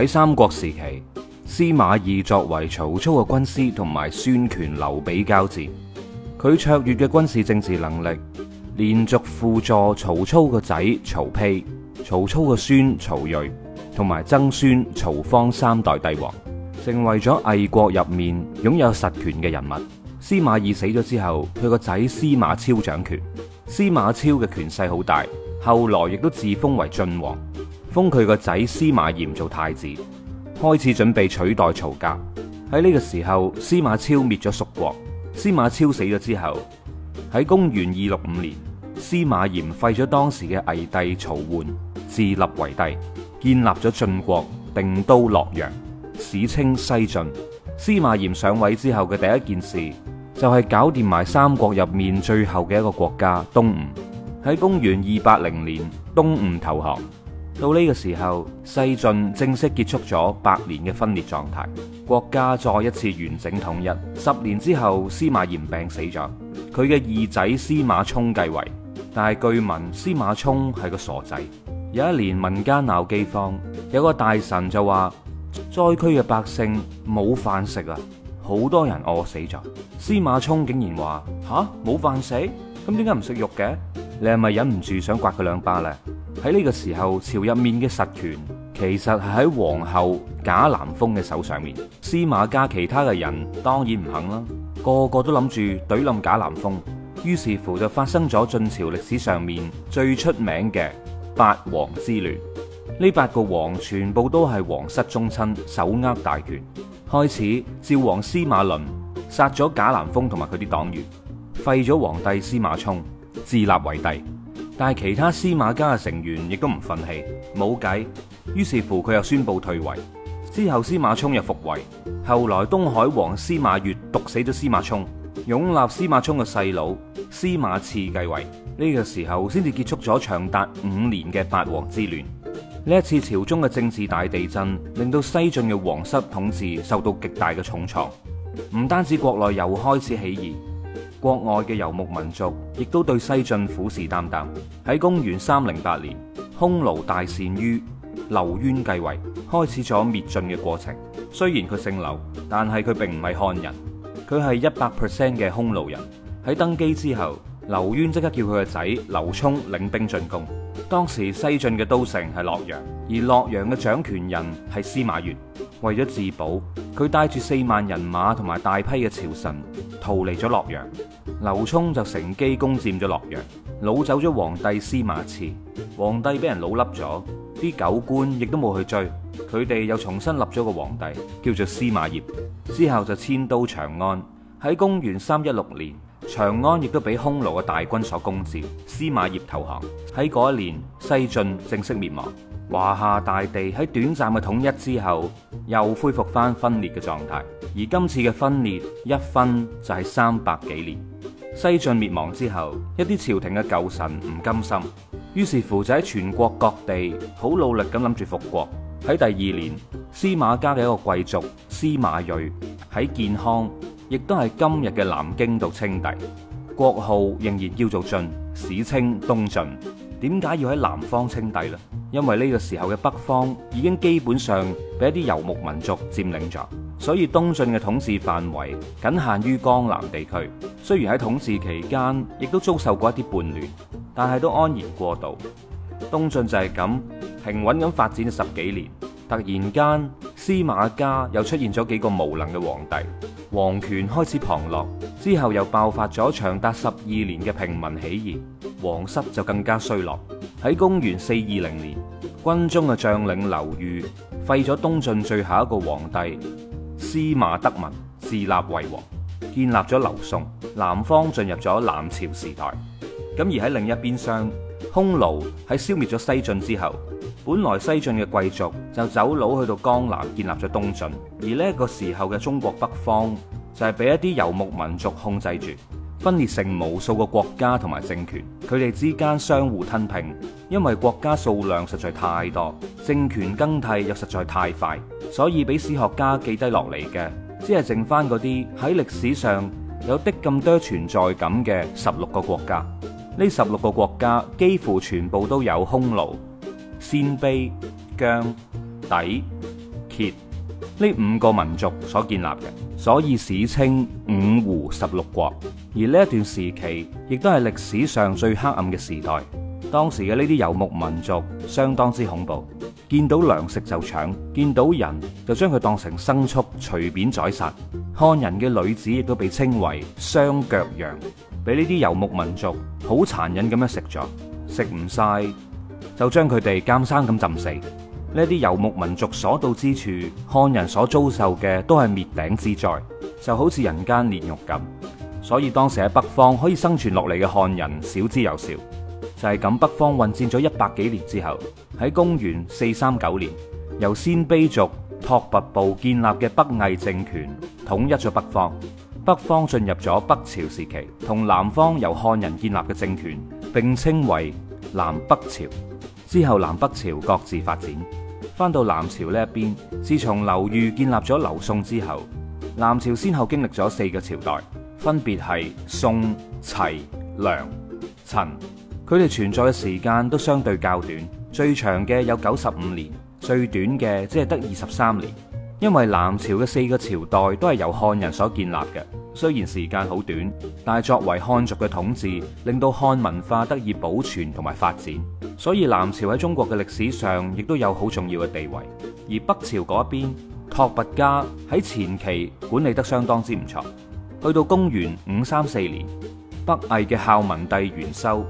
喺三國時期，司馬懿作為曹操嘅軍師，同埋孫權、劉備交戰，佢卓越嘅軍事政治能力，連續輔助曹操個仔曹丕、曹操個孫曹睿同埋曾孫曹芳三代帝王，成為咗魏國入面擁有實權嘅人物。司馬懿死咗之後，佢個仔司馬昭掌權，司馬昭嘅權勢好大，後來亦都自封為晉王。封佢個仔司馬炎做太子，開始準備取代曹家。喺呢個時候，司馬昭滅咗蜀國。司馬昭死咗之後，喺公元二六五年，司馬炎廢咗當時嘅魏帝曹奐，自立為帝，建立咗晉國，定都洛陽，史稱西晉。司馬炎上位之後嘅第一件事就係搞掂埋三國入面最後嘅一個國家東吳。喺公元二八零年，東吳投降。到呢個時候，西晉正式結束咗百年嘅分裂狀態，國家再一次完整統一。十年之後，司馬炎病死咗，佢嘅二仔司馬衷繼位。但係據聞司馬衷係個傻仔。有一年民間鬧飢荒，有個大臣就話災區嘅百姓冇飯食啊，好多人餓死咗。司馬衷竟然話：吓冇飯食，咁點解唔食肉嘅？你係咪忍唔住想刮佢兩巴呢？喺呢個時候，朝入面嘅實權其實係喺皇后賈南風嘅手上面。司馬家其他嘅人當然唔肯啦，個個都諗住懟冧賈南風。於是乎就發生咗晉朝歷史上面最出名嘅八王之亂。呢八個王全部都係皇室宗親，手握大權。開始，趙王司馬倫殺咗賈南風同埋佢啲黨員，廢咗皇帝司馬衷，自立為帝。但係其他司馬家嘅成員亦都唔忿氣，冇計，於是乎佢又宣布退位。之後司馬衷又復位，後來東海王司馬越毒死咗司馬衷，擁立司馬衷嘅細佬司馬熾繼位。呢個時候先至結束咗長達五年嘅八王之亂。呢一次朝中嘅政治大地震，令到西晉嘅皇室統治受到極大嘅重創，唔單止國內又開始起義。國外嘅遊牧民族亦都對西晉虎視眈眈。喺公元三零八年，匈奴大單于劉淵繼位，開始咗滅晉嘅過程。雖然佢姓劉，但係佢並唔係漢人，佢係一百 percent 嘅匈奴人。喺登基之後，劉淵即刻叫佢個仔劉聰領兵進攻。當時西晉嘅都城係洛陽，而洛陽嘅掌權人係司馬越。為咗自保，佢帶住四萬人馬同埋大批嘅朝臣逃離咗洛陽，劉聰就乘機攻佔咗洛陽，擄走咗皇帝司馬熾。皇帝俾人擄笠咗，啲狗官亦都冇去追，佢哋又重新立咗個皇帝，叫做司馬鄴。之後就遷都長安。喺公元三一六年，長安亦都俾匈奴嘅大軍所攻佔，司馬鄴投降。喺嗰一年，西晉正式滅亡。華夏大地喺短暫嘅統一之後，又恢復翻分裂嘅狀態。而今次嘅分裂，一分就係三百幾年。西晉滅亡之後，一啲朝廷嘅舊臣唔甘心，於是乎就喺全國各地好努力咁諗住復國。喺第二年，司馬家嘅一個貴族司馬睿喺建康，亦都係今日嘅南京度稱帝，國號仍然叫做晉，史稱東晉。點解要喺南方稱帝呢？因為呢個時候嘅北方已經基本上俾一啲游牧民族佔領咗，所以東晉嘅統治範圍僅限於江南地區。雖然喺統治期間，亦都遭受過一啲叛亂，但係都安然過渡。東晉就係咁平穩咁發展咗十幾年，突然間司馬家又出現咗幾個無能嘅皇帝，皇權開始旁落，之後又爆發咗長達十二年嘅平民起義。皇室就更加衰落。喺公元四二零年，軍中嘅將領劉裕廢咗東晉最後一個皇帝司馬德文，自立為王，建立咗劉宋，南方進入咗南朝時代。咁而喺另一邊廂，匈奴喺消滅咗西晉之後，本來西晉嘅貴族就走佬去到江南建立咗東晉，而呢一個時候嘅中國北方就係俾一啲遊牧民族控制住。分裂成無數個國家同埋政權，佢哋之間相互吞併，因為國家數量實在太多，政權更替又實在太快，所以俾史學家記低落嚟嘅，只係剩翻嗰啲喺歷史上有的咁多存在感嘅十六個國家。呢十六個國家幾乎全部都有匈奴、鮮卑、羌、氐、羯。呢五個民族所建立嘅，所以史稱五胡十六國。而呢一段時期，亦都係歷史上最黑暗嘅時代。當時嘅呢啲游牧民族相當之恐怖，見到糧食就搶，見到人就將佢當成牲畜，隨便宰殺。漢人嘅女子亦都被稱為雙腳羊，俾呢啲游牧民族好殘忍咁樣食咗，食唔晒就將佢哋監生咁浸死。呢啲游牧民族所到之處，漢人所遭受嘅都係滅頂之災，就好似人間煉獄咁。所以當時喺北方可以生存落嚟嘅漢人少之又少。就係咁，北方混戰咗一百幾年之後，喺公元四三九年，由鮮卑族拓跋部建立嘅北魏政權統一咗北方，北方進入咗北朝時期，同南方由漢人建立嘅政權並稱為南北朝。之後南北朝各自發展，翻到南朝呢一邊，自從劉裕建立咗劉宋之後，南朝先後經歷咗四個朝代，分別係宋、齊、梁、陳，佢哋存在嘅時間都相對較短，最長嘅有九十五年，最短嘅只係得二十三年。因為南朝嘅四個朝代都係由漢人所建立嘅，雖然時間好短，但係作為漢族嘅統治，令到漢文化得以保存同埋發展。所以南朝喺中國嘅歷史上亦都有好重要嘅地位。而北朝嗰邊，拓跋家喺前期管理得相當之唔錯。去到公元五三四年，北魏嘅孝文帝元修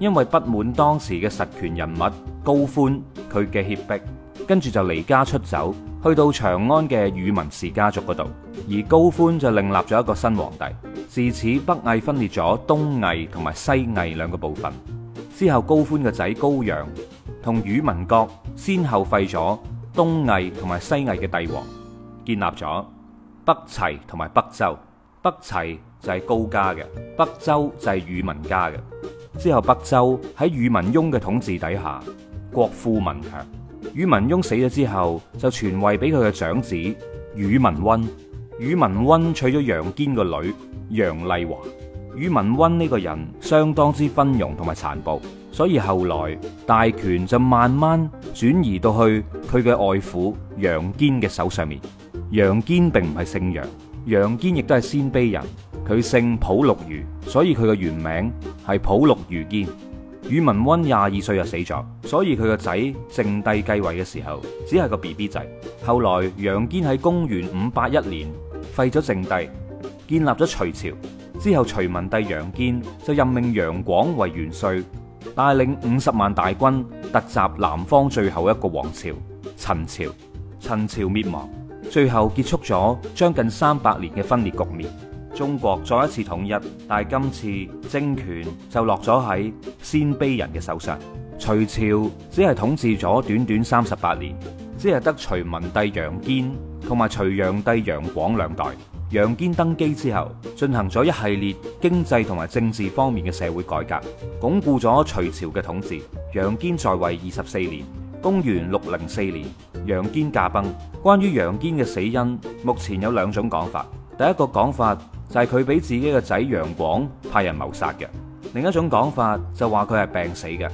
因為不滿當時嘅實權人物高歡，佢嘅脅迫。跟住就離家出走，去到長安嘅宇文氏家族嗰度。而高歡就另立咗一個新皇帝，自此北魏分裂咗東魏同埋西魏兩個部分。之後高歡嘅仔高洋同宇文覺先後廢咗東魏同埋西魏嘅帝王，建立咗北齊同埋北周。北齊就係高家嘅，北周就係宇文家嘅。之後北周喺宇文邕嘅統治底下，國富民強。宇文邕死咗之後，就傳位俾佢嘅長子宇文贇。宇文贇娶咗楊堅個女楊麗華。宇文贇呢個人相當之昏庸同埋殘暴，所以後來大權就慢慢轉移到去佢嘅外父楊堅嘅手上面。楊堅並唔係姓楊，楊堅亦都係鮮卑人，佢姓普六茹，所以佢嘅原名係普六茹堅。宇文温廿二歲就死咗，所以佢個仔靜帝繼位嘅時候只係個 B B 仔。後來楊堅喺公元五八一年廢咗靜帝，建立咗隋朝。之後隋文帝楊堅就任命楊廣為元帥，帶領五十萬大軍突襲南方最後一個王朝陳朝。陳朝滅亡，最後結束咗將近三百年嘅分裂局面。中國再一次統一，但係今次政權就落咗喺鮮卑人嘅手上。隋朝只係統治咗短短三十八年，只係得隋文帝楊堅同埋隋煬帝楊廣兩代。楊堅登基之後，進行咗一系列經濟同埋政治方面嘅社會改革，鞏固咗隋朝嘅統治。楊堅在位二十四年，公元六零四年，楊堅駕崩。關於楊堅嘅死因，目前有兩種講法：第一個講法。就係佢俾自己嘅仔楊廣派人謀殺嘅。另一種講法就話佢係病死嘅。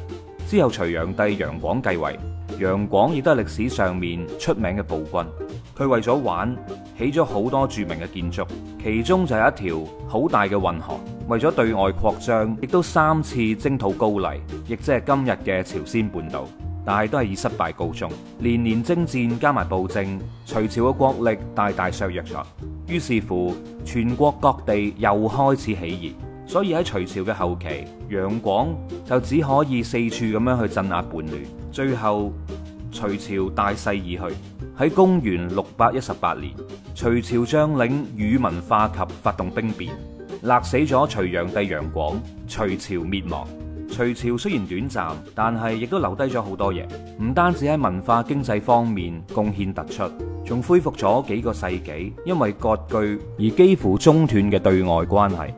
之後隋煬帝楊廣繼位，楊廣亦都係歷史上面出名嘅暴君。佢為咗玩，起咗好多著名嘅建築，其中就係一條好大嘅運河。為咗對外擴張，亦都三次征討高麗，亦即係今日嘅朝鮮半島，但係都係以失敗告終。年年征戰加埋暴政，隋朝嘅國力大大削弱咗。於是乎，全國各地又開始起義，所以喺隋朝嘅後期，楊廣就只可以四處咁樣去鎮壓叛亂，最後隋朝大勢已去。喺公元六百一十八年，隋朝將領宇文化及發動兵變，勒死咗隋煬帝楊廣，隋朝滅亡。隋朝雖然短暫，但係亦都留低咗好多嘢，唔單止喺文化經濟方面貢獻突出，仲恢復咗幾個世紀因為割據而幾乎中斷嘅對外關係。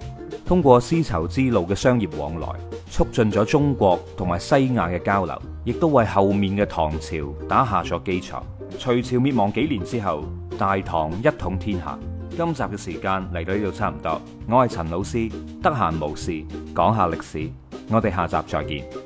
通過絲綢之路嘅商業往來，促進咗中國同埋西亞嘅交流，亦都為後面嘅唐朝打下咗基礎。隋朝滅亡幾年之後，大唐一統天下。今集嘅時間嚟到呢度差唔多，我係陳老師，得閒無事講下歷史。我哋下集再見。